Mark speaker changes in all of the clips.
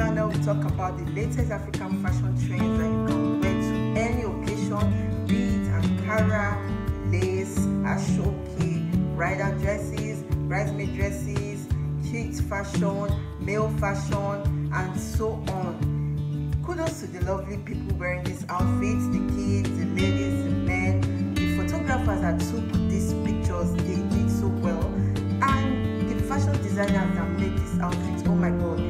Speaker 1: channel, we talk about the latest African fashion trends that you can wear to any occasion, be it Ankara, lace, ashoki, bridal dresses, bridesmaid dresses, kids fashion, male fashion, and so on. Kudos to the lovely people wearing these outfits, the kids, the ladies, the men, the photographers that took these pictures, they did so well, and the fashion designers that made these outfits, oh my god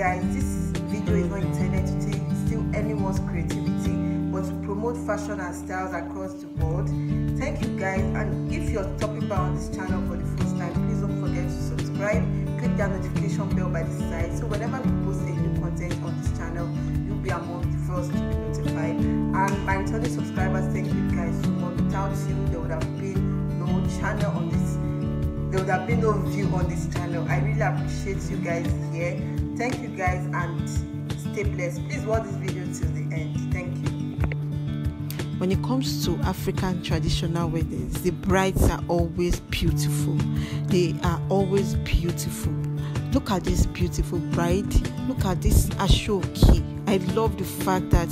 Speaker 1: guys this video is not intended to take steal anyone's creativity but to promote fashion and styles across the board thank you guys and if you're stopping by on this channel for the first time please don't forget to subscribe click that notification bell by the side so whenever we post a new content on this channel you'll be among the first to be notified and my returning subscribers thank you guys so much without you there would have been no channel on this there would have been no view on this channel appreciate you guys here. Thank you guys and stay blessed. Please watch this video till the end. Thank you. When it comes to African traditional weddings, the brides are always beautiful. They are always beautiful. Look at this beautiful bride. Look at this Ashoki. I love the fact that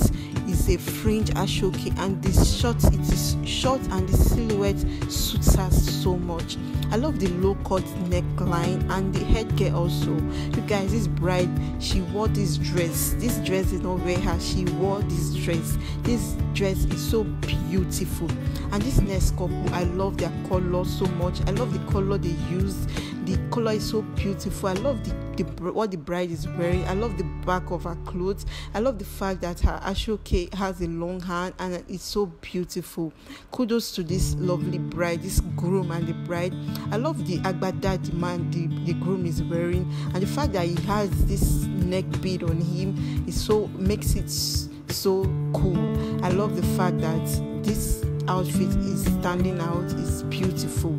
Speaker 1: is a fringe ashoke and this short it is short and the silhouette suits her so much i love the low cut neckline and the headgear also you guys this bride she wore this dress this dress did not wear her she wore this dress this dress is so beautiful and this next couple i love their color so much i love the color they used the color is so beautiful. I love the, the what the bride is wearing. I love the back of her clothes. I love the fact that her ashoke has a long hand and it's so beautiful. Kudos to this lovely bride, this groom and the bride. I love the agbada the man the, the groom is wearing and the fact that he has this neck bead on him is so makes it so cool. I love the fact that this outfit is standing out. It's beautiful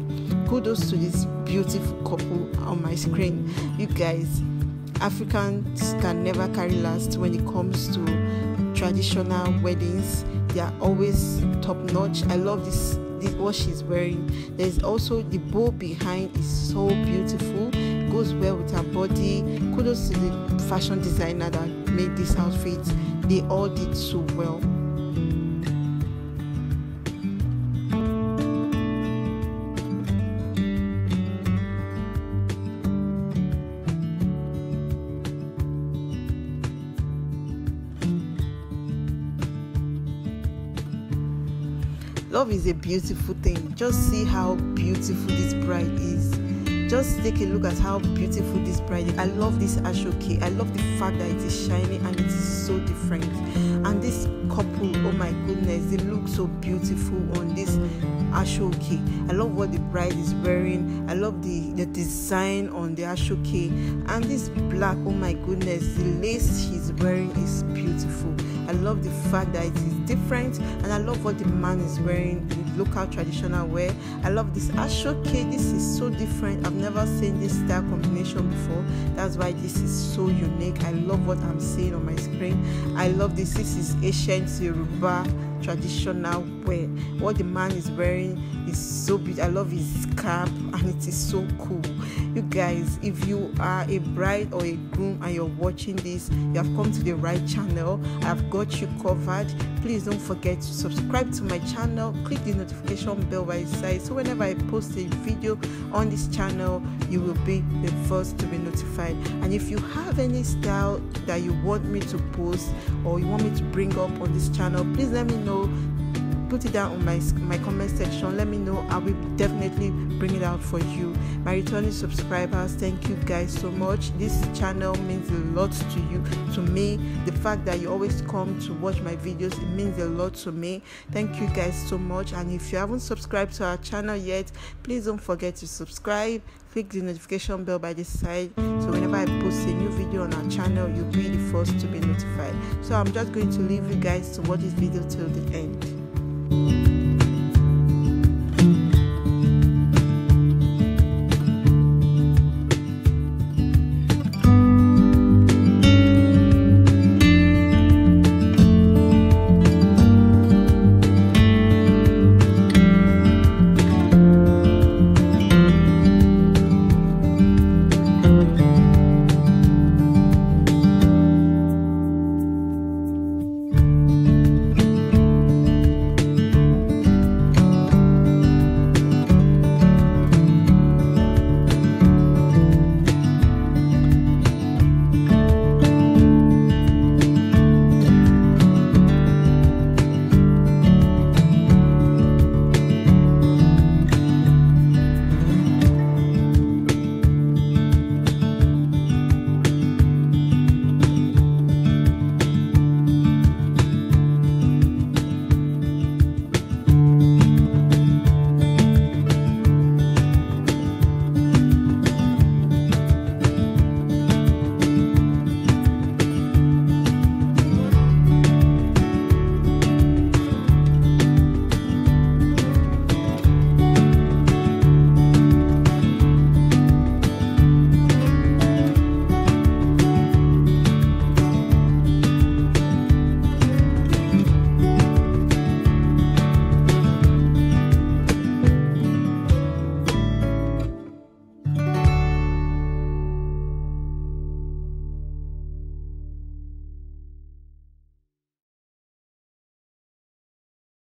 Speaker 1: kudos to this beautiful couple on my screen. You guys, Africans can never carry last when it comes to traditional weddings. They are always top notch. I love this, this what she's wearing. There's also the bow behind is so beautiful. goes well with her body. Kudos to the fashion designer that made this outfit. They all did so well. Love is a beautiful thing. Just see how beautiful this bride is. Just take a look at how beautiful this bride is. I love this ashoke. I love the fact that it is shiny and it is so different. And this couple, oh my goodness, they look so beautiful on this ashoke. I love what the bride is wearing. I love the, the design on the ashoke. And this black, oh my goodness, the lace she's wearing is beautiful. I love the fact that it is different and I love what the man is wearing, the local traditional wear. I love this ashoke. This is so different. I've never seen this style combination before. That's why this is so unique. I love what I'm seeing on my screen. I love this. This is ancient Yoruba traditional wear. What the man is wearing is so beautiful. I love his cap and it is so cool. You guys, if you are a bride or a groom and you're watching this, you have come to the right channel. I've got you covered. Please don't forget to subscribe to my channel. Click the notification bell by side so whenever I post a video on this channel, you will be the first to be notified. And if you have any style that you want me to post or you want me to bring up on this channel, please let me know you put it down on my my comment section let me know i will definitely bring it out for you my returning subscribers thank you guys so much this channel means a lot to you to me the fact that you always come to watch my videos it means a lot to me thank you guys so much and if you haven't subscribed to our channel yet please don't forget to subscribe click the notification bell by the side so whenever i post a new video on our channel you'll be the first to be notified so i'm just going to leave you guys to watch this video till the end you